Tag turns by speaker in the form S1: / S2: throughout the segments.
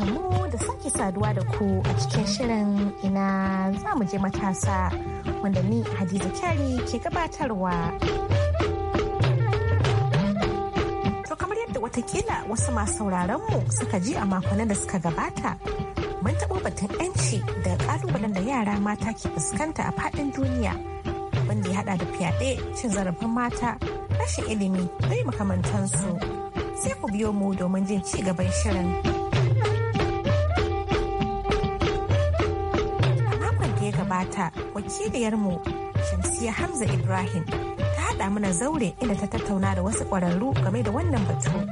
S1: mu da sake saduwa da ku a cikin shirin ina za mu je matasa wanda ni Hadiza Kyari ke gabatarwa. To kamar yadda watakila wasu masu mu suka ji a makonnin da suka gabata, mun taɓo batun 'yanci da ƙalubalen da yara mata ke fuskanta a faɗin duniya, wanda ya haɗa da fyaɗe, cin zarafin mata, rashin ilimi, dai makamantansu. sai ku biyo mu domin jin ci gaban shirin. Wakiliyar wakiliyarmu Shamsiya Hamza Ibrahim ta haɗa mana zaure inda ta tattauna da wasu kwararru game da wannan batun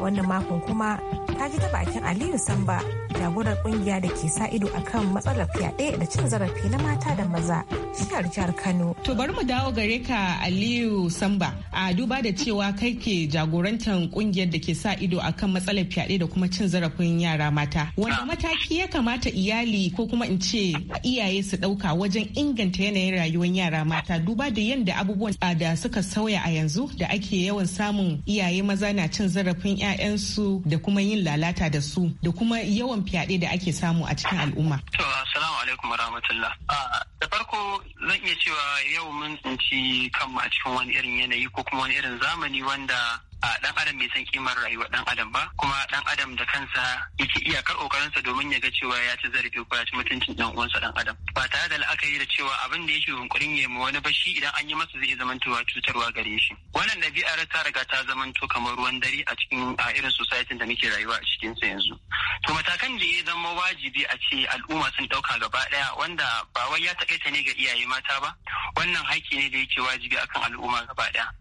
S1: Wannan makon kuma ka ji ta bakin Aliyu Samba jagorar kungiya da ke sa ido akan matsalar fyaɗe da cin zarafi na mata da maza jihar jihar Kano. To bari mu dawo
S2: gare ka Aliyu Samba a duba da cewa kai ke jagorantar kungiyar da ke sa ido akan matsalar fyaɗe da kuma cin zarafin yara mata. Wanda ah. mataki ya kamata iyali ko kuma in ce iyaye su ɗauka wajen inganta yanayin rayuwar yara mata duba da yadda abubuwan ah, da suka sauya a yanzu da ake yawan samun iyaye maza na cin zarafin 'ya'yansu da kuma yin lalata da su da kuma yawan fyaɗe da ake samu a cikin al'umma.
S3: To assalamu alaikum rahmatullah. Ah, da farko zan iya cewa yau mun tsinci kanmu a cikin wani irin yanayi ko kuma wani irin zamani wanda a dan adam bai san kimar rayuwar dan adam ba kuma dan adam da kansa yake iyakar sa domin ya ga cewa ya ci zarafi ko ya ci mutuncin dan uwansa dan adam ba tare da la'akari da cewa abin da yake yunkurin ya wani ba shi idan an yi masa zai tuwa cutarwa gare shi wannan ɗabi'ar ta riga ta to kamar ruwan dare a cikin a irin society da muke rayuwa a cikin sa yanzu to matakan da ya zama wajibi a ce al'umma sun ɗauka gaba daya wanda ba wai ya takaita ne ga iyaye mata ba wannan haƙƙi ne da yake wajibi akan al'umma gaba daya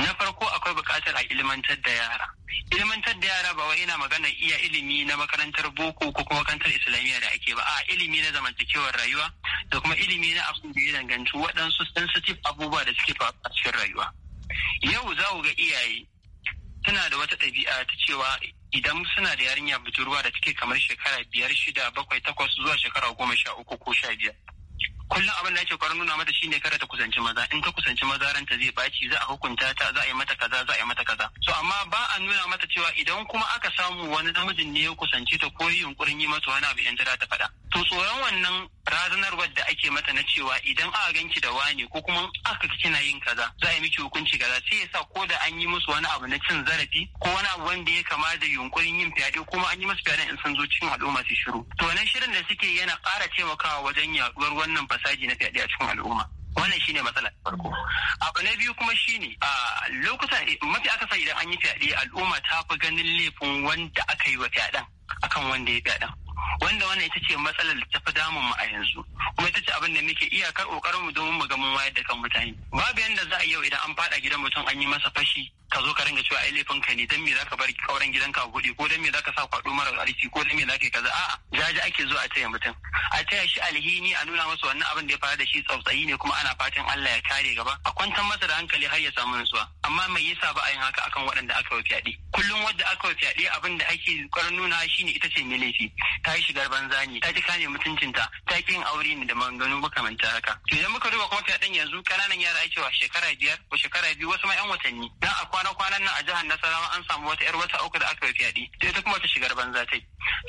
S3: na farko akwai buƙatar a ilmantar da yara ilmantar da yara ba wai ina magana iya ilimi na makarantar boko ko kuma makarantar islamiyya da ake ba a ilimi na zamantakewar rayuwa da kuma ilimi na abin da ya danganci waɗansu sensitive abubuwa da suke faruwa a cikin rayuwa yau za ga iyaye suna da wata ɗabi'a ta cewa idan suna da yarinya budurwa da take kamar shekara biyar shida bakwai takwas zuwa shekara goma sha uku ko sha biyar kullum abin da ake kwarar nuna mata shine kada ta kusanci maza in ta kusanci maza ranta zai baci za a hukunta ta za a yi mata kaza za a yi mata kaza so amma ba a nuna mata cewa idan kuma aka samu wani namijin ne ya kusance ta ko yunkurin yi mata wani abu in ta ta faɗa to tsoron wannan razanarwar da ake mata na cewa idan aka ganki da wani ko kuma aka kina yin kaza za a yi miki hukunci kaza sai ya sa ko da an yi musu wani abu na cin zarafi ko wani abu wanda ya kama da yunkurin yin fyaɗe kuma an yi musu fyaɗen in sun zo cikin al'umma su shiru to wannan shirin da suke yana ƙara taimakawa wajen yaɗuwar wannan fasaji na fyaɗe a cikin al'umma wannan shine matsala ta farko abu na biyu kuma shine a lokuta mafi sa idan an yi fyaɗe al'umma ta fi ganin laifin wanda aka yi wa fyaɗen akan wanda ya fyaɗen wanda wannan ita ce matsalar da ta fi damun mu a yanzu kuma ita ce abin da muke iyakar kokarin mu domin mu ga mun wayar da kan mutane babu yanda za a yau idan an fada gidan mutum an yi masa fashi ka zo ka ringa cewa ai laifin ka ne dan me zaka bar kauren gidanka ka gudi ko dan me zaka sa kwado mara ƙarfi ko dan me zaka kaza a'a jaji ake zuwa a taya mutum a taya shi alhini a nuna masa wannan abin da ya faru da shi tsautsayi ne kuma ana fatan Allah ya kare gaba a kwantar masa da hankali har ya samu nutsuwa amma mai yasa ba a yin haka akan waɗanda aka wa fyaɗe kullum wadda aka wa fyaɗe abin da ake ƙoƙarin nuna ne ita ce mai laifi ta yi shigar banza ne ta ji kame mutuncinta ta yin aure ne da maganganu makamanta haka to idan muka duba kuma fyaɗen yanzu kananan yara ake wa shekara biyar ko shekara biyu wasu ma yan watanni dan a kwana kwanan nan a jihar Nasarawa an samu wata yar wata uku da aka yi fyaɗe to ita kuma ta shigar banza ta yi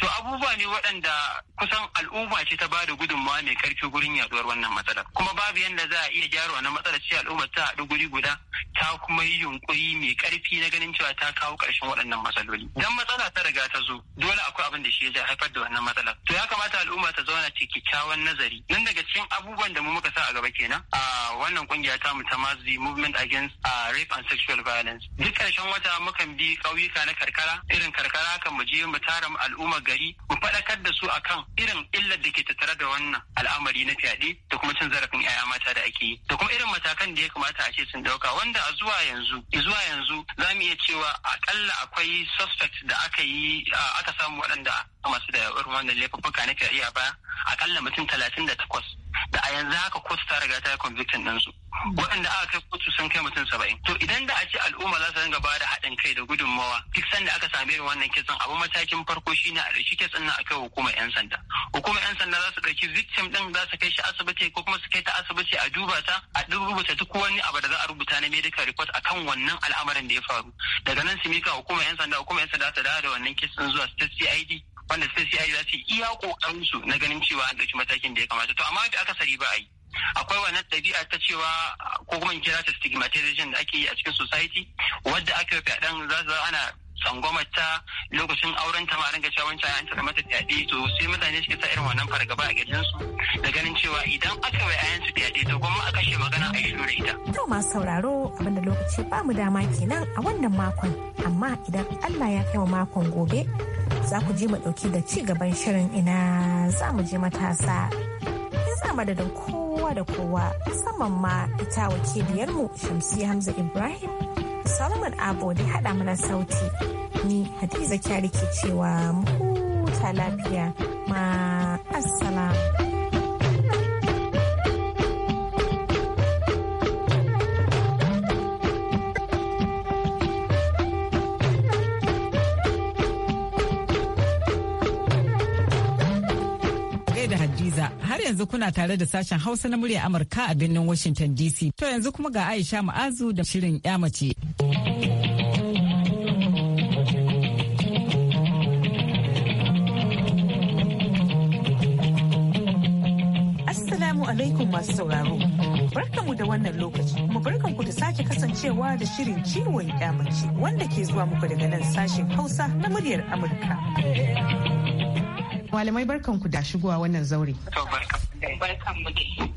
S3: to abubuwa ne waɗanda kusan al'umma ce ta bada gudunmawa mai karfi gurin yaduwar wannan matsalar kuma babu yadda za a iya gyara wannan matsalar ce al'umma ta haɗu guri guda ta kuma yi yunƙuri mai karfi na ganin cewa ta kawo ƙarshen waɗannan matsaloli dan matsala ta riga ta zo dole akwai abin da shi ya haifar da wannan matsalar to ya kamata al'umma ta zauna ta kyakkyawan nazari nan daga cikin abubuwan da mu muka sa a gaba kenan a wannan kungiya ta mu ta mazi movement against rape and sexual violence duk ƙarshen wata mukan bi ƙauyuka na karkara irin karkara kan mu je mu tara al'umma al'umma gari mu faɗakar da su akan irin illar da ke tattare da wannan al'amari na fyaɗe da kuma cin zarafin 'ya'ya mata da ake yi da kuma irin matakan da ya kamata a ce sun ɗauka wanda a zuwa yanzu zuwa yanzu za mu iya cewa akalla akwai suspect da aka yi aka samu waɗanda masu da wannan laifuffuka na fyaɗe a baya akalla mutum talatin da takwas da a yanzu haka kotu ta riga ta yi conviction ɗinsu waɗanda aka kai kotu sun kai mutum saba'in to idan da a ce al'umma za su dinga ba da haɗin kai da gudunmawa duk sanda aka same irin wannan kisan abu matakin farko shi ne a ɗauki kisan nan kai hukumar yan sanda hukumar yan sanda za su ɗauki victim ɗin za su kai shi asibiti ko kuma su kai ta asibiti a duba ta a ɗin rubuta duk wani abu da za a rubuta na medical report kan wannan al'amarin da ya faru daga nan su mika hukumar yan sanda hukumar yan sanda ta dawo da wannan kisan zuwa state CID wanda sai sai za su iya kokarin su na ganin cewa an ɗauki matakin da ya kamata to amma da aka sari ba a yi akwai wannan ɗabi'a ta cewa ko kuma in kira ta stigmatization da ake yi a cikin society wadda aka yi fyaɗen za su ana tsangwamar ta lokacin auren ta ma ringa cewa wancan an mata fyaɗe to sai mutane suke sa irin wannan fargaba a gajinsu da ganin cewa idan aka bai su fyaɗe to kuma a kashe magana a yi da ita. To
S1: masu sauraro abinda lokaci ba mu dama kenan a wannan makon amma idan Allah ya kai wa makon gobe za ku ji mu ɗauki da ci gaban shirin ina za mu je matasa. In madadin kowa kowa da kowa musamman ma ita wakiliyarmu Shamsi Hamza Ibrahim Solomon Abo da haɗa mana sauti. Ni Hadiza Kyari ke cewa mu huta lafiya ma assalamu.
S4: yanzu kuna tare da sashen Hausa na murya Amurka a birnin Washington DC. To yanzu kuma ga Aisha Ma'azu da shirin mace.
S2: Assalamu alaikum masu sauraro. Barkanmu da wannan lokaci kuma ku da sake kasancewa da shirin ciwon mace wanda ke zuwa muku daga nan sashen Hausa na muryar Amurka. Malamai barkan ku da shigowa wannan zaure.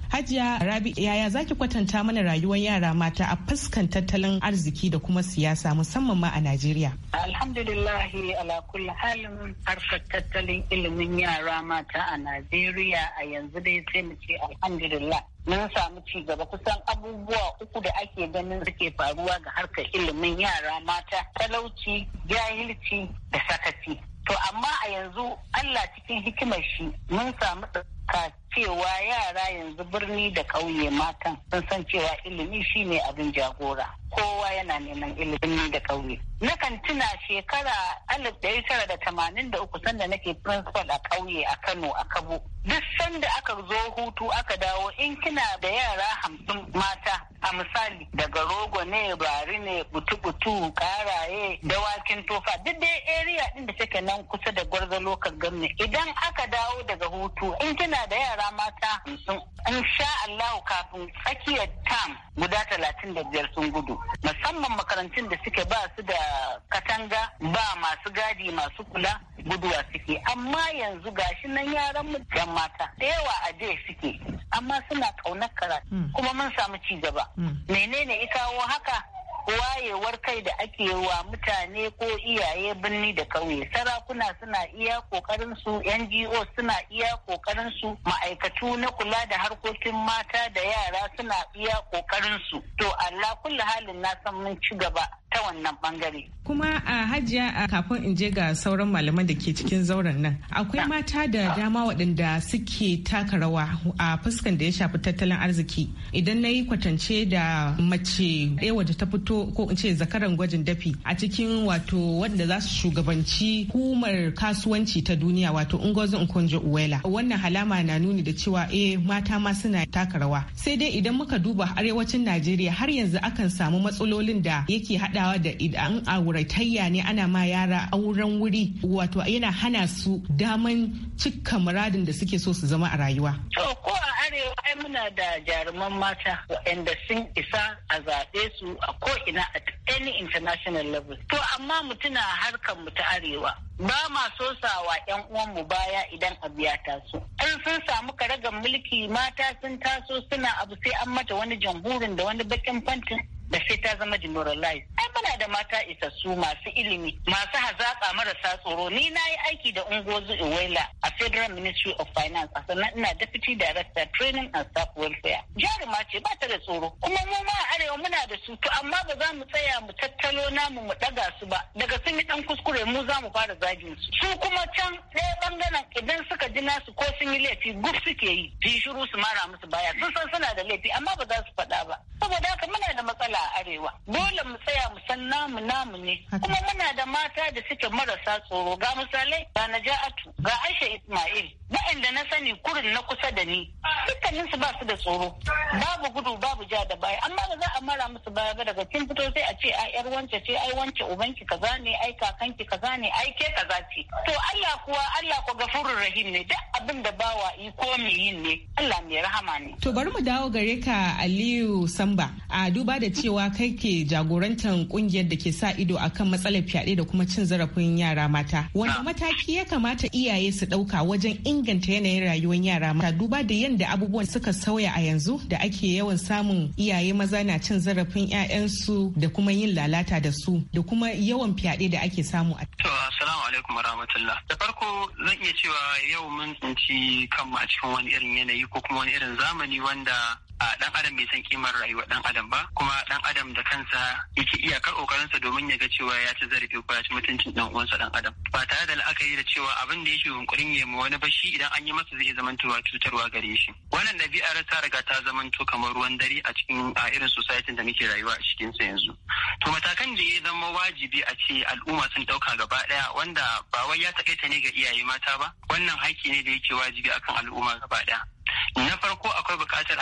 S2: Hajiya Rabi yaya zaki kwatanta mana rayuwar yara mata a fuskan tattalin arziki da kuma siyasa musamman ma a Najeriya?
S5: Alhamdulillah ala kulli halin harkar tattalin ilimin yara mata a Najeriya a yanzu dai sai mu ce alhamdulillah. mun samu ci gaba kusan abubuwa uku da ake ganin suke faruwa ga harkar ilimin yara mata talauci jahilci da sakaci To amma a yanzu Allah cikin hikimar shi mun samu ka cewa yara yanzu birni da ƙauye matan sun san cewa ilimi shine abin jagora kowa yana neman ilimi da ƙauye nakan tuna shekara alif ɗari tara da tamanin da uku sanda nake principal a ƙauye a kano a kabo duk sanda aka zo hutu aka dawo in kina da yara hamsin mata a misali daga rogo ne bari ne butu-butu karaye dawakin tofa duk dai area ɗin da take nan kusa da gwarzo lokal gamne idan aka dawo daga hutu in kina Allah da yara mata in sha Allahu kafin tsakiyar tam guda talatin da biyar sun gudu musamman makarantun da suke ba su da katanga ba masu gadi masu kula guduwa suke amma yanzu gashi nan yaran mu mata da yawa a jiya suke amma suna kaunar karatu hmm. kuma mun samu ci gaba hmm. menene ya kawo haka wayewar kai da ake wa mutane ko iyaye birni da kauye sarakuna suna iya kokarin su ngo suna iya kokarin su ma'aikatu na kula da harkokin mata da yara suna iya kokarin su to allah kulli halin na san mun ci gaba ta wannan bangare
S2: kuma a hajiya kafin in je ga sauran malaman da ke cikin zauren nan akwai mata da dama waɗanda suke taka rawa a fuskan da ya shafi tattalin arziki idan na yi kwatance da mace ɗaya wadda ta fito wato ko in ce zakaran gwajin dafi a cikin wato wanda za su shugabanci hukumar kasuwanci ta duniya wato Ngozi nkonjo uwela Wannan halama na nuni da cewa eh mata ma suna taka rawa. Sai dai idan muka duba arewacin Najeriya har yanzu akan samu matsalolin da yake haɗawa da idan auratayya ne ana ma yara auren wuri wato yana hana su daman cika muradin da suke so su zama a rayuwa.
S5: To ko a arewa ai muna da jaruman mata waɗanda sun isa a zaɓe su a ko ina at any international level to amma mutuna harkar mu ta arewa ba ma so sawa yan uwan mu baya idan abu ya taso an sun samu karagar mulki mata sun taso suna abu sai an mata wani jamhurin da wani bakin fantin da sai ta zama demoralized ai muna da mata isassu masu ilimi masu hazaƙa marasa tsoro ni na yi aiki da ungozu iwela a federal ministry of finance a sannan ina deputy director training and staff welfare jaruma ce ba ta da tsoro kuma mu ma arewa muna da su to amma ba za mu tsaya mu tattalo namu mu ɗaga su ba daga sun yi ɗan kuskure mu za mu fara zagin su su kuma can ɗaya bangaren idan suka ji nasu ko sun yi laifi guf suke yi su yi shiru su mara musu baya sun san suna da laifi amma ba za su faɗa ba saboda haka muna da matsala a arewa dole mu tsaya mu san namu namu ne kuma muna da mata da suke marasa tsoro ga misalai ga naja'atu ga aisha ismail waɗanda na sani kurin na kusa da ni dukkanin su ba su da tsoro babu gudu babu ja da baya amma ba za a mara musu baya ba daga kin fito sai a ce ai yar wance ce ai wance ubanki kaza ne ai kakanki kaza ne ai ke kaza ce to Allah kuwa Allah ko gafurur rahim ne duk abin da bawa yi ko yin ne Allah mai rahama ne
S2: to bari mu dawo gare ka Aliyu Samba a duba da cewa kai ke jagorantar kungiyar da ke sa ido akan matsalar fyaɗe da kuma cin zarafin yara mata wanda mataki ya kamata iyaye su ɗauka wajen inganta yanayin rayuwar yara mata duba da yadda abubuwan suka sauya a yanzu da ake yawan samun iyaye maza na cin zarafin ƴaƴansu da kuma yin lalata da su da kuma yawan fyaɗe da ake samu a.
S3: To, alaikum rahmatullah Da farko zan iya cewa yau mun tsinci kanmu a cikin wani irin yanayi ko kuma wani irin zamani wanda a dan adam bai san kimar rayuwar dan adam ba kuma ɗan adam da kansa yake iyakar kokarinsa domin ya ga cewa ya ci zarafi ko ya ci mutuncin dan uwansa dan adam ba tare da la'akari da cewa abin da yake yunkurin ya ma wani ba shi idan an yi masa zai tuwa cutarwa gare shi wannan ɗabi'ar ta riga ta zamanto kamar ruwan dare a cikin a irin society da muke rayuwa a cikin sa yanzu to matakan da ya zama wajibi a ce al'umma sun dauka gaba daya wanda ba wai ya takaita ne ga iyaye mata ba wannan haƙƙi ne da yake wajibi akan al'umma gaba daya na farko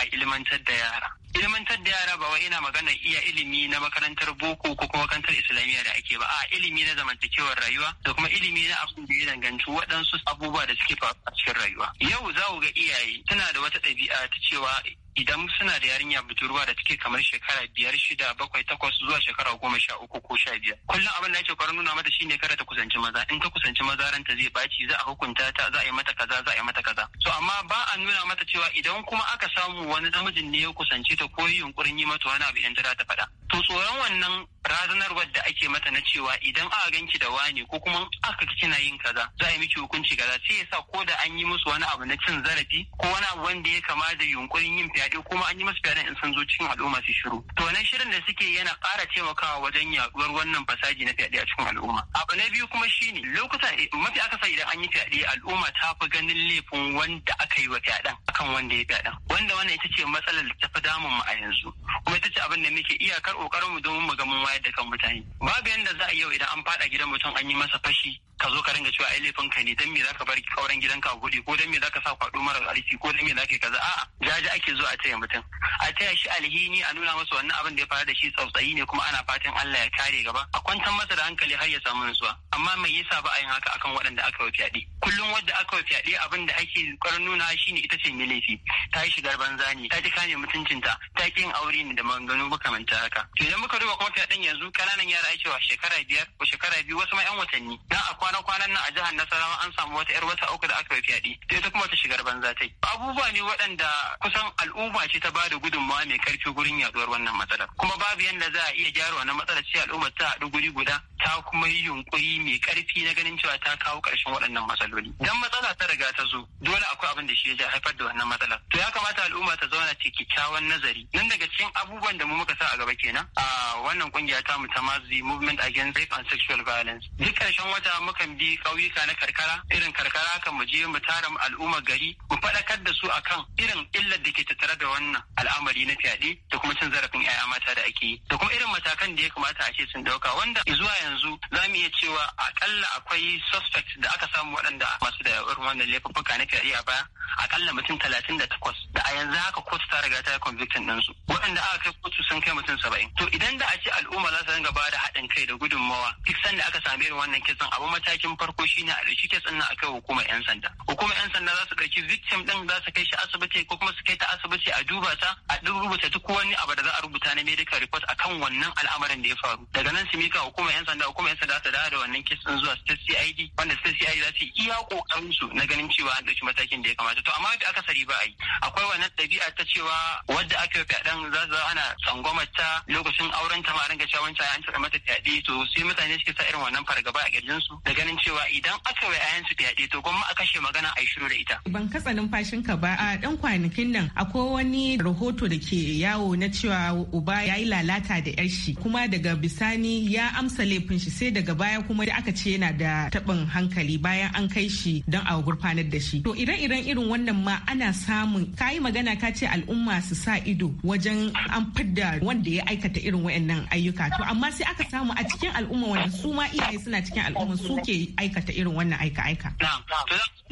S3: ilmantar da yara ilmantar da yara ba wai ina magana iya ilimi na makarantar boko ko kuma makarantar islamiyya da ake ba a ilimi na zamantakewar rayuwa da kuma ilimi na abin da ya danganci waɗansu abubuwa da suke faruwa a cikin rayuwa yau za ga iyaye tana da wata ɗabi'a ta cewa idan suna da yarinya budurwa da take kamar shekara biyar shida bakwai takwas zuwa shekara goma sha uku ko sha biyar kullum abin da ake kwarar nuna mata shine kada ta kusanci maza in ta kusanci maza ranta zai baci za a hukunta ta za a yi mata kaza za a yi mata kaza so amma ba a nuna mata cewa idan kuma aka samu wani namijin ne ya kusance ta ko yunkurin yi mata wani abu idan ta ta faɗa to tsoron wannan razanarwar da ake mata na cewa idan aka ganki da wani ko kuma aka kina yin kaza za a miki hukunci kaza sai sa ko da an yi musu wani abu na cin zarafi ko wani abu wanda ya kama da yunkurin yin fyaɗe kuma an yi musu fyaɗe in sun zo cikin al'umma su shiru to wannan shirin da suke yana ƙara taimakawa wajen yaɗuwar wannan fasaji na fyaɗe a cikin al'umma abu na biyu kuma shine lokuta eh, mafi akasari idan an yi fyaɗe al'umma ta fi ganin laifin wanda aka yi wa fyaɗen akan wanda ya fyaɗen wanda wannan ita ce matsalar da ta fi damun mu a yanzu kuma ita ce abin da muke iyakar kokarin mu domin mu ga mun wayar da kan mutane babu yanda za a yi yau idan an fada gidan mutum an yi masa fashi ka zo ka ringa cewa ai laifin ka ne dan me zaka bar kauren gidanka a gudi ko dan me zaka sa kwado mara alfi ko dan me zaka yi kaza a'a jaji ake zo a taya mutum a taya shi alhini a nuna masa wannan abin da ya faru da shi tsautsayi ne kuma ana fatan Allah ya kare gaba a kwantar masa da hankali har ya samu nutsuwa amma mai yasa ba a yin haka akan waɗanda aka yi fyaɗe kullum wadda aka yi fyaɗe abin da ake ƙoƙarin nuna ne ita ce mai laifi ta yi shigar banza ne ta ji kame mutuncinta ta ƙin aure ne da maganganu makamanta haka to idan muka duba kuma fyaɗen yanzu kananan yara ake wa shekara biyar ko shekara biyu wasu ma yan watanni dan a kwana kwanan nan a jihar Nasarawa an samu wata yar wata uku da aka yi fyaɗe sai ta kuma ta shigar banza ta yi. abubuwa ne waɗanda kusan al'umma ce ta bada gudunmawa mai karfi gurin yaduwar wannan matsalar kuma babu yadda za a iya gyara wannan matsalar ce al'umma ta haɗu guri guda ta kuma yi yunƙuri mai karfi na ganin cewa ta kawo ƙarshen waɗannan matsaloli dan matsala ta riga ta zo dole akwai abin da shi ya haifar da wannan matsalar to ya kamata al'umma ta zauna ta kyakkyawan nazari nan daga cikin abubuwan da mu muka sa a gaba kenan kenan a wannan kungiya ta mu ta mazi movement against rape and sexual violence duk karshen wata mukan bi kauyuka na karkara irin karkara kan mu je mu tara al'umma gari mu faɗakar da su akan irin illar da ke tattare da wannan al'amari na fyaɗe da kuma cin zarafin 'ya'ya mata da ake yi da kuma irin matakan da ya kamata a ce sun ɗauka wanda zuwa yanzu za mu iya cewa akalla akwai suspect da aka samu waɗanda masu da irin wannan laifuffuka na fyaɗe a baya akalla mutum talatin da takwas da a yanzu haka kotu ta riga ta yi convicting ɗinsu waɗanda aka kai kotu sun kai mutum saba'in kai to idan da a ce al'umma za su dinga ba da haɗin kai da gudunmawa duk sanda aka same ni wannan kisan abu matakin farko shine a ɗauki kisan nan akai hukuma yan sanda Hukuma yan sanda za su ɗauki victim ɗin za su kai shi asibiti ko kuma su kai ta asibiti a duba ta a duk rubuta duk wani abu da za a rubuta na medical report akan wannan al'amarin da ya faru daga nan su mika hukuma yan sanda hukuma yan sanda za su dawo da wannan kisan zuwa state CID wanda state CID za su yi iya kokarin su na ganin cewa an ɗauki matakin da ya kamata to amma da aka sari ba a yi akwai wannan ɗabi'a ta cewa wadda aka yi fyaɗen za ana tsangwamar ta lokacin auren ta ma ga cewa wancan an mata fyaɗe to sai mutane suke sa irin wannan fargaba a kirjin su da ganin cewa idan aka bai yayan su fyaɗe to gwamma a kashe magana a shiru da ita
S2: ban katsa numfashin ka ba a ɗan kwanakin nan akwai wani rahoto da ke yawo na cewa uba ya yi lalata da yar shi kuma daga bisani ya amsa laifin shi sai daga baya kuma da aka ce yana da taɓin hankali bayan an kai shi don a gurfanar da shi to ire-iren irin wannan ma ana samun ka yi magana ka ce al'umma su sa ido wajen an fidda wanda ya aika aikata irin wayannan ayyuka to amma sai aka samu a cikin al'umma wanda su ma iyaye suna cikin al'umma suke aikata irin wannan aika aika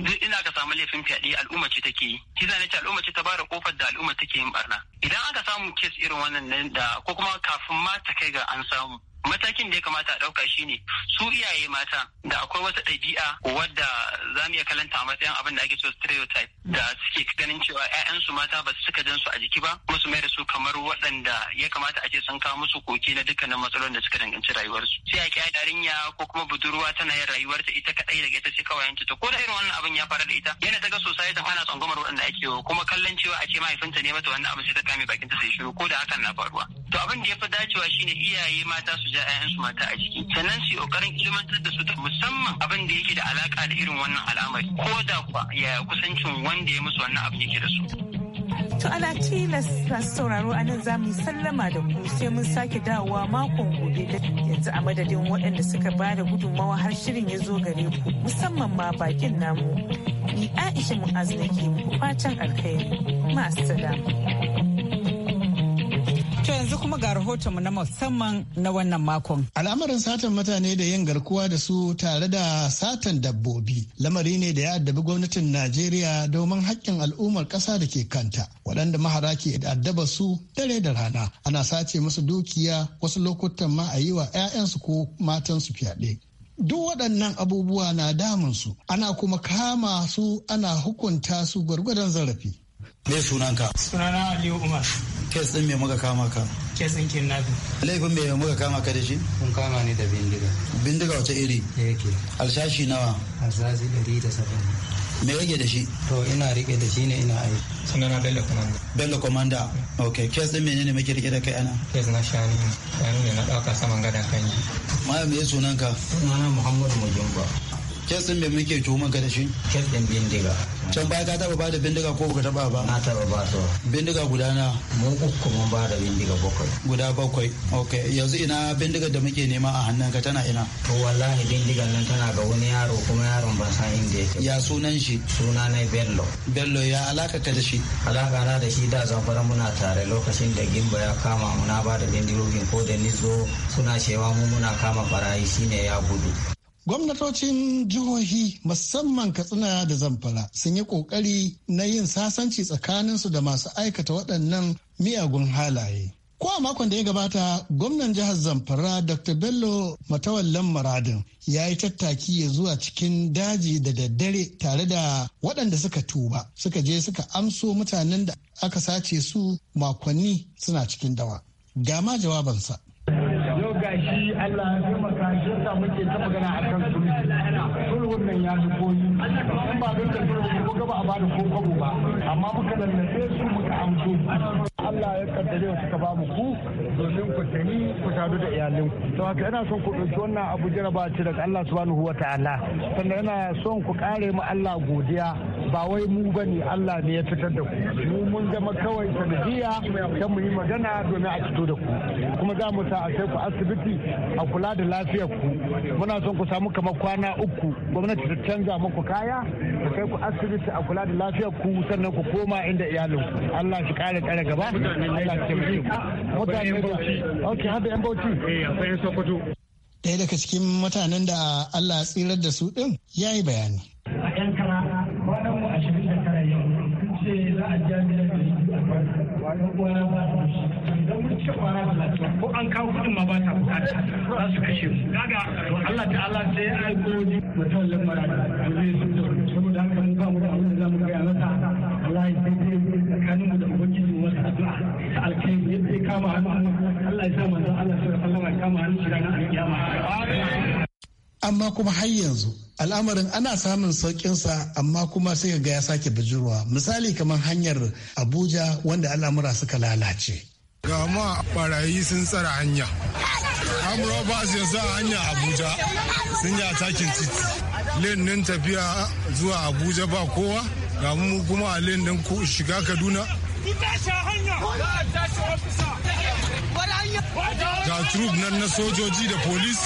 S3: na ina ka samu laifin fyaɗe al'umma ce take yi shi zane ce al'umma ce ta bada kofar da al'umma take yin barna idan aka samu kes irin wannan da ko kuma kafin ma ta kai ga an samu matakin da ya kamata a ɗauka shine su iyaye mata da akwai wata ɗabi'a wadda za mu iya kalanta a matsayin abin da ake cewa stereotype da suke ganin cewa 'ya'yansu mata ba su suka jan su a jiki ba kuma su mayar da su kamar waɗanda ya kamata a ce sun kawo musu koki na dukkanin matsalolin da suka danganci rayuwarsu sai a kya yarinya ko kuma budurwa tana yin rayuwarta ita kaɗai daga ita sai kawai ta ko da irin wannan abin ya fara da ita yana ta ga ta ana tsangwamar waɗanda ake yi kuma kallon cewa a ce mahaifinta ne mata wannan abin sai ta kame bakinta sai shiru ko da hakan na faruwa to abin da ya fi dacewa shine iyaye mata su ja 'ya'yansu mata a jiki sannan su yi ilmantar da su ta musamman abin da yake da alaƙa da irin wannan al'amari ko da ya kusancin wanda ya musu wannan abin yake da su.
S2: To ana tilas sauraro a nan za mu sallama da ku sai mun sake dawowa makon gobe da yanzu a madadin waɗanda suka ba da gudunmawa har shirin ya zo gare ku musamman ma bakin namu. Ni Aisha Mu'az da ke fatan alkhairi.
S1: Ma'a
S2: To yanzu kuma ga
S4: rahotonmu na musamman na wannan makon.
S6: Al'amarin satan mutane da yin garkuwa da su tare da satan dabbobi lamari ne da ya addabi gwamnatin Najeriya domin haƙƙin al'ummar ƙasa da ke kanta. Waɗanda mahara ke addaba su dare da rana ana sace musu dukiya wasu lokutan ma a yi wa 'ya'yansu ko matansu fyaɗe. Duk waɗannan abubuwa na damunsu ana kuma kama su ana hukunta su gwargwadon zarafi.
S7: Me sunanka? Sunana Aliyu Umar. kes din me muka kama ka kes din kidnapping laifin me muka kama ka da shi kun kama ni da bindiga bindiga wace iri yake alshashi nawa alshashi 170 me yake da shi to ina rike da shi ne ina aiki na bello komanda bello komanda ok kes din menene muke rike da kai ana kes na shani shani ne na dauka saman gadan kanji ma me sunan ka sunana muhammadu mujumba kesin da muke tuhumar ka da shi kes din bindiga can baya ka taba bada bindiga ko ka taba ba na taba ba to bindiga guda na mu uku mun bada bindiga bakwai guda bakwai okay yanzu ina bindiga da muke nema a hannun ka tana ina to wallahi bindigan nan tana ga wani yaro kuma yaron ban san inda yake ya sunan shi suna na bello bello ya alaka ka da shi alaka na da shi da zamfara muna tare lokacin da gimba ya kama muna na bada bindigogin ko da nizo suna cewa mu muna kama barayi shine ya gudu
S6: Gwamnatocin jihohi musamman Katsina da Zamfara sun yi ƙoƙari na yin sasanci tsakaninsu da masu aikata waɗannan miyagun halaye. Ko a makon da ya gabata, gwamnan jihar Zamfara Dr. Bello Matawallan Maradin ya yi tattaki ya zuwa cikin daji da daddare tare da waɗanda suka tuba, suka je suka amso mutanen da aka sace su makonni suna cikin dawa. Gama jawabansa. Yau gashi Allah shi yasa muke ta magana akan sulhu sulhun nan ya ji koyi in ba don da sulhu ko gaba a bada ko kwabo ba amma muka lallabe su muka amso Allah ya kaddare wa suka bamu ku domin ku tani ku sadu da iyalin ku to haka ina son ku ɗauki wannan abu jaraba ce daga Allah subhanahu wata'ala sannan ina son ku kare mu Allah godiya ba wai mu bane Allah ne ya fitar da ku mu mun zama kawai sanadiyya ta mu yi magana domin a fito da ku kuma za mu sa a kai ku asibiti a kula da lafiyar ku muna son ku samu kamar kwana uku gwamnati ta canza muku kaya ku kai ku asibiti a kula da lafiyar ku sannan ku koma inda iyalin Allah shi kare kare gaba ɗaya daga cikin mutanen da Allah ya tsirar da su ɗin ya yi bayani. A ‘yan kara, kwanan mu a shirin da kara yau, sai za a ja miliyan da yi a kwanan kwana ba su shi. Idan mun ce kwana talatin, ko an kawo kuɗin ma ba ta bukata, za su kashe mu. Kaga, Allah ta Allah sai ya aiko ni mutum lamara da zai su da wani. saboda haka mun ba mu da abin da za mu gaya masa. Allah ya sai mu da ubangiji. amma kuma har yanzu al'amarin ana samun saukin sa amma kuma sai ga ya sake bijirwa misali kamar hanyar abuja wanda al'amura suka lalace ga ma barayi sun
S3: tsara
S8: hanya
S6: amurwa ba su yasa hanya abuja sun yi atakin titi
S8: lenin tafiya zuwa abuja ba kowa ga mu kuma a lenin shiga kaduna
S3: Ga turub nan na sojoji da polis.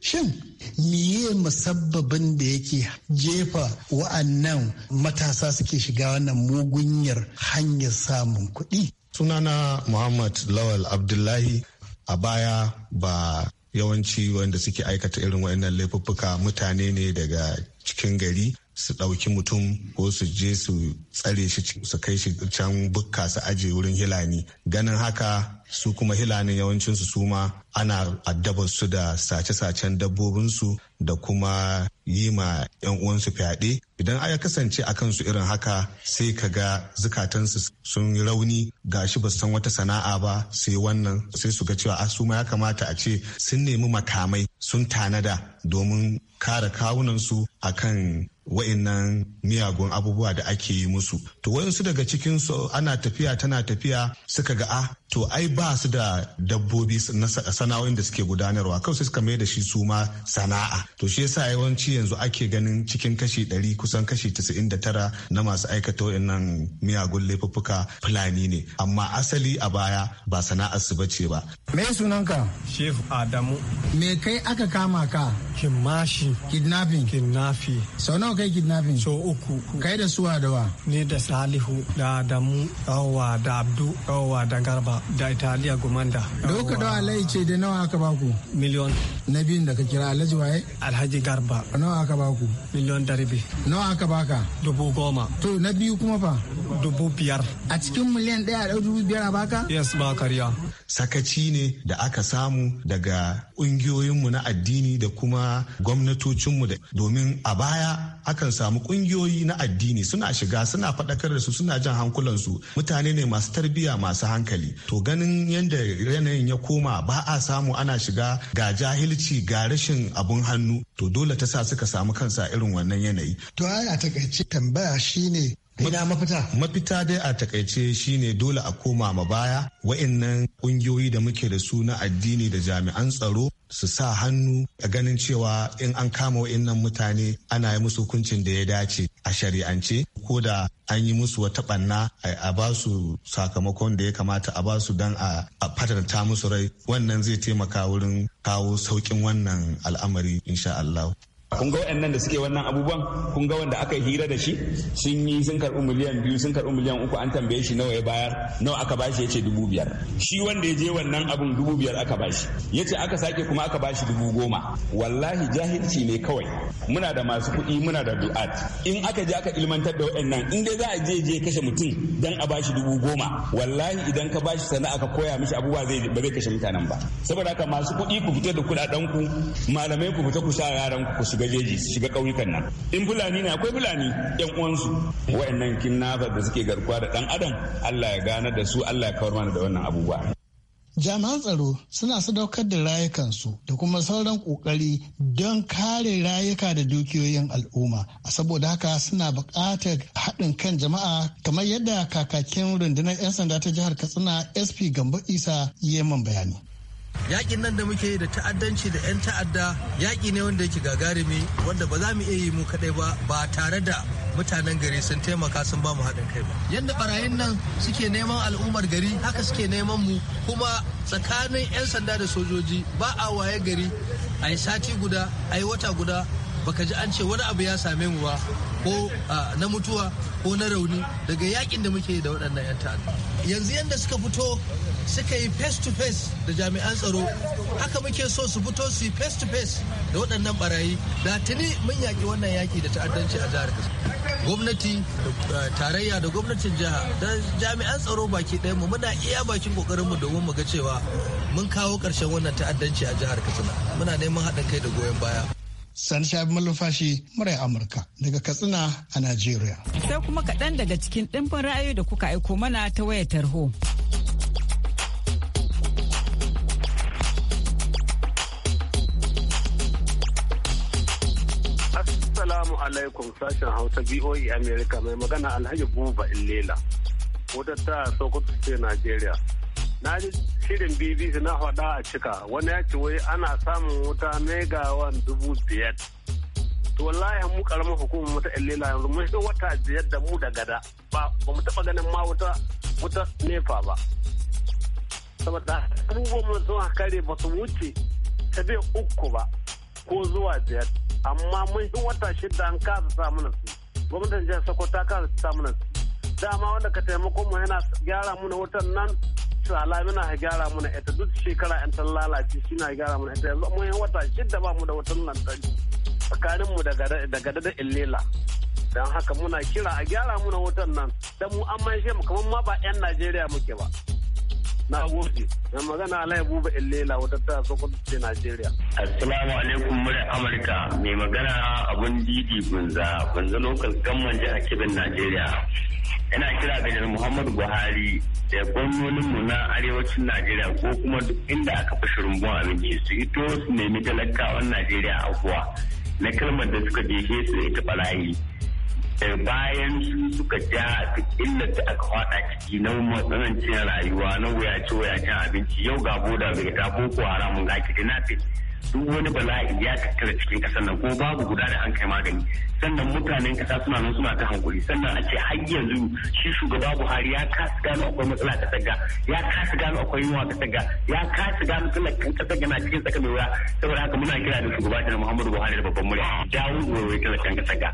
S6: Shin miye musabbabin da yake jefa wa'annan matasa suke shiga wannan mugunyar hanyar samun kuɗi?
S8: Sunana Muhammad Lawal Abdullahi a baya ba yawanci wanda suke aikata irin waɗannan laifuffuka mutane ne daga cikin gari su ɗauki mutum ko su je su tsare shi su kai shi can bukka su aje wurin hilani ganin haka su kuma hilanin yawancinsu su ma ana addabarsu da sace-sacen dabbobinsu da kuma yi ma 'yan uwansu fyaɗe idan aya kasance a kansu irin haka sai ka ga zukatansu sun yi rauni gashi ba su san wata sana'a ba sai wannan sai su ga cewa a ah, su ma ya kamata a ce sun nemi makamai sun tanada domin kare kawunansu kan. wa'annan miyagun abubuwa da ake yi musu to wayansu daga cikin su ana tafiya tana tafiya suka ga a ah, to ai ba su da dabbobi na sana'o'in da suke gudanarwa kawai sai suka mai da shi su ma sana'a to shi yasa yawanci yanzu ake ganin cikin kashi 100 kusan kashi 99 na masu aikata wayannan miyagun laifuffuka fulani ne amma asali a baya ba sana'ar su bace ba me sunanka chef Adamu
S6: me kai aka kama ka kimashi kidnapping kidnapping sau nawa kai kidnapping so uku kai da suwa da wa ni da salihu da damu yawa da abdu yawa da garba da italiya gumanda da kuka dawa alai ce da nawa aka baku miliyon na biyun da ka kira alhaji waye alhaji garba nawa aka baku miliyon da ribi nawa aka baka
S3: dubu goma
S6: to na biyu kuma fa
S8: dubu biyar
S6: a cikin miliyan daya da dubu biyar a baka
S8: yes ba kariya. sakaci ne da aka samu daga ƙungiyoyinmu na addini da kuma gwamnatocinmu domin a baya akan samu kungiyoyi na addini suna shiga suna faɗakar da su suna jan hankulansu mutane ne masu tarbiyya masu hankali to ganin yadda yanayin ya koma ba a samu ana shiga ga jahilci ga rashin abun hannu to dole ta sa suka samu kansa irin wannan yanayi to ana takaice tambaya shine ina mafita mafita dai a takaice shine dole a koma ma baya wa'annan ƙungiyoyi da muke da su na addini da jami'an tsaro su sa hannu a ganin cewa in an kama wa'annan mutane ana yi musu hukuncin da ya dace a shari'ance ko da an yi musu wata banna a ba su sakamakon da ya kamata a ba su don a fatanta musu rai wannan zai taimaka wurin kawo saukin wannan al'amari insha kun ga waɗannan da suke wannan abubuwan kun ga wanda aka hira da shi sun yi sun karɓi miliyan biyu sun karɓi miliyan uku an tambaye shi nawa ya bayar nawa aka bashi ce dubu biyar shi wanda ya je wannan abun dubu biyar aka bashi yace aka sake kuma aka ba bashi dubu goma wallahi jahilci ne kawai muna da masu kuɗi muna da du'at in aka je aka ilmantar da waɗannan in dai za a je je kashe mutum dan a bashi dubu goma wallahi idan ka ba shi sana'a ka koya mishi abubuwa zai ba zai kashe mutanen ba saboda haka masu kuɗi ku fita da kuɗaɗen ku malamai ku fita ku sa yaran ku su shiga jeji su shiga ƙauyukan nan in fulani ne akwai fulani yan uwansu wayannan kinnafa da suke garkuwa da dan adam Allah ya gane da su Allah ya kawar mana da wannan abubuwa
S6: jami'an tsaro suna sadaukar da rayukansu da kuma sauran kokari don kare rayuka da dukiyoyin al'umma a saboda haka suna bukatar haɗin kan jama'a kamar yadda kakakin rundunar 'yan sanda ta jihar katsina sp gambo isa yeman
S7: bayani yakin nan da muke da ta'addanci da 'yan ta'adda yaki ne wanda yake gagarumi wanda ba za mu iya yi mu kaɗai ba ba tare da mutanen gari sun taimaka sun ba mu haɗin kai ba yadda barayin nan suke neman al'ummar gari haka suke neman mu kuma tsakanin 'yan sanda da sojoji ba a waye gari a yi sati guda a yi wata guda baka ji an ce wani abu ya same mu ba ko na mutuwa ko na rauni daga yakin da muke da waɗannan 'yan ta'adda yanzu yadda suka fito suka yi face to face da jami'an tsaro haka muke so su fito su yi face to face da waɗannan barayi da tuni mun yaƙi wannan yaƙi da ta'addanci a jihar gwamnati tarayya da gwamnatin jiha da jami'an tsaro baki ɗaya mu muna iya bakin kokarin mu domin mu ga cewa mun kawo ƙarshen wannan ta'addanci a jihar katsina muna neman haɗin kai da goyon baya
S6: Sani Shabi malufashi murai Amurka daga Katsina a Najeriya.
S4: Sai kuma kaɗan daga cikin ɗimbin ra'ayoyi da kuka aiko mana ta wayar tarho.
S9: Assalamu alaikum sashen Hausa BOE Amerika mai magana Alhaji Buba Illela. Wadda ta Sokoto ce Najeriya. na ji shirin bbc na faɗa a cika wani ya ce wai ana samun wuta megawan dubu biyar to wallahi mu karamar hukumar mu ta illela yanzu mun shi wata biyar da mu da gada ba ba mu taɓa ganin ma wuta wuta nefa ba saboda abubuwan mu sun kare ba su wuce ta bai uku ba ko zuwa biyar amma mun shi wata shida an kasa samun su gwamnatin jihar sokoto ta kasa samun su dama wanda ka taimako mu yana gyara mu na wutan nan ala muna gyara muna ita duk shekara yan ta lalace shi na gyara muna ita yanzu mun wata shidda ba mu da wutan lantarki tsakanin mu daga da illela dan haka muna kira a gyara muna wutan nan dan mu amma shi mu kamar ma ba yan Najeriya muke ba na gode dan magana alai buba illela wata ta ku ce Najeriya assalamu alaikum murai Amurka
S10: mai magana abun didi gunza gunza local gamman jihar kibin Najeriya
S3: ina kira ga muhammadu buhari
S10: da gwamnoninmu na arewacin najeriya ko kuma duk inda aka fi fashe rumbun abinci su to su nemi talakawan najeriya a kuwa na kalmar da suka jefe su da ita barayi da bayan su suka ja duk illar da aka faɗa ciki na matsanancin rayuwa na wayace-wayace wuyacin abinci yau ga boda bai ta boko haramun ga fi duk wani bala'i ya tattara cikin kasar nan ko babu guda da an kai magani sannan mutanen kasa suna nan suna ta hankuri sannan a ce har yanzu shi shugaba Buhari ya kasu gano akwai matsala ta tsaga ya kasu gano akwai yunwa ta tsaga ya kasu gano talakan ta saga na cikin tsaka mai wuya saboda haka muna kira da shugaba da Muhammadu Buhari da babban murya jawo wurwai talakan ka ga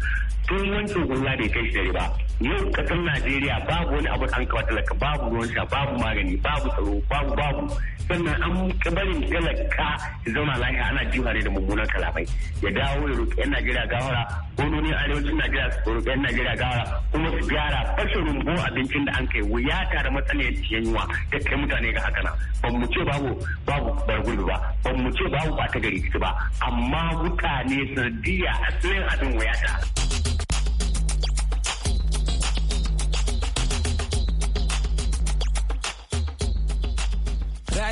S10: tun wancan gwamna bai kai shi da riba yau kasar Najeriya babu wani abu an kawo talaka babu ruwan sha babu magani babu tsaro babu babu sannan an kabarin talaka zauna lafiya ana jiwa ne da mummunan kalamai ya dawo ya roƙi 'yan najeriya gawara gononin arewacin najeriya su roƙi 'yan najeriya gawara kuma su gyara fashe rumbu abincin da an kai wuya tare matsaniyar yunwa ta kai mutane ga haka na ba mu ce babu babu bargurbi ba ba mu ce babu ta gari ba amma mutane sanadiyya asalin abin Wuyata.